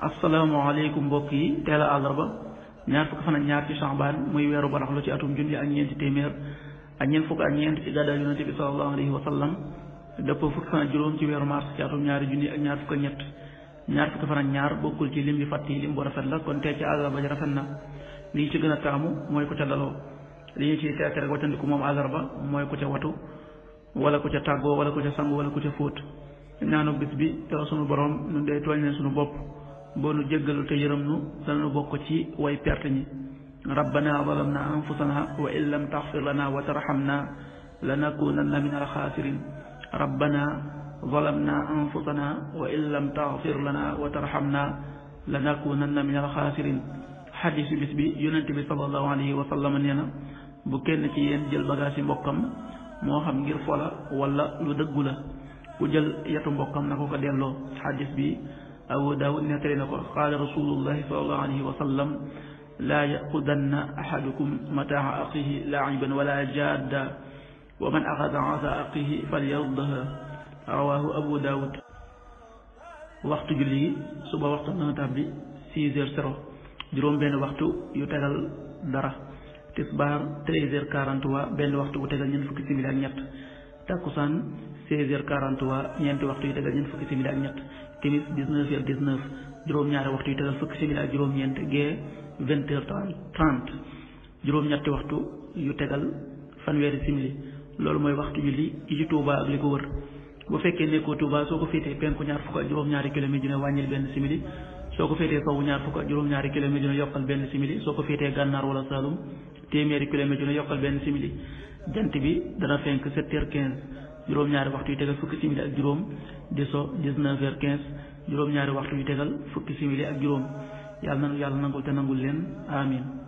asalaamaaleykum mbokk yi teel a àllarba ñaar fukk fan ak ñaar ci chambaan muy weeru barax lu ci atum junni ak ñeenti téeméer ak ñeent fukk ak ñeent ci gàddaay yonente bi sallallahu wa sallam dëppoo fukk fan ak ci weeru mars ci ñaari junni ak ñaar fukk ak ñett ñaar fukk fan ak ñaar bokkul ci lim bi fàtt lim bu rafet la kon tey ci àllarba ji rafet na li ñu ci gën a taamu mooy ku ca daloo li ñu ci teet rek watandiku moom àllarba mooy ku ca watu wala ku ca tàggoo wala ku ca sangu wala ku ca fóot ñaanu bis bi te sunu borom day tooñ leen sunu bopp boo nu jéggalu te yërëm nu dana nu bokk ci way perte ñi rabbana zalamna anfusana wa in lam taxfir lana wa tarxamna lanakunanna min alxaasirin rabbana zalamna anfusana wa in lam taxfir lana wa tarxamna lanakunanna min alxaasirin xadiisu bi yonent bi sallallahu alayhi wa sallam nee bu kenn ci yéen jël bagage yi moo xam ngir fola wala lu dëggu la ku jël yetu mbokkam na ko ko delloo xadiis bi abu daawud nettali na ko qaala rasulullahi sallallahu alayhi wa sallam laa yaqudanna ahadukum mataaxa aqihi laaciban wala jaadda wa man axada asa aqihi falyardaha rawaahu abu daawud waxtu julli yi suba waxtu dana tàbbi six heures zéro juróom benn waxtu yu tegal dara tisbaar treize heures quarante-trois benn waxtu bu tegal ñeent fukki simili ak ñett takkusaan 16 heures 43 ñeenti waxtu yu tegal ñeent fukki simili ak ñett timis 19 heures 19 juróom-ñaari waxtu yu tegal ak juróom-ñeent gee 20 heures 30 juróom-ñetti waxtu yu tegal fanweeri simili loolu mooy waxtu julli yi ci Touba ak li ko wër bu fekkee nekkoo Touba soo ko féetee penku ñaar fukk ak juróom-ñaari kilomètre dina wàññil benn simili soo ko féetee sowwu ñaar fukk ak juróom-ñaari kilomètre dina yokkal benn simili soo ko féetee gànnaar wala Saloum téeméeri kilomètre dina yokkal benn simili jant bi dana fenk sept heures quinze juróom-ñaari waxtu yu tegal fukki simili ak juróom di so dix-neuf quinze juróom-ñaari waxtu yu tegal fukki simili ak juróom yàlla na yàlla nangul te nangul leen amin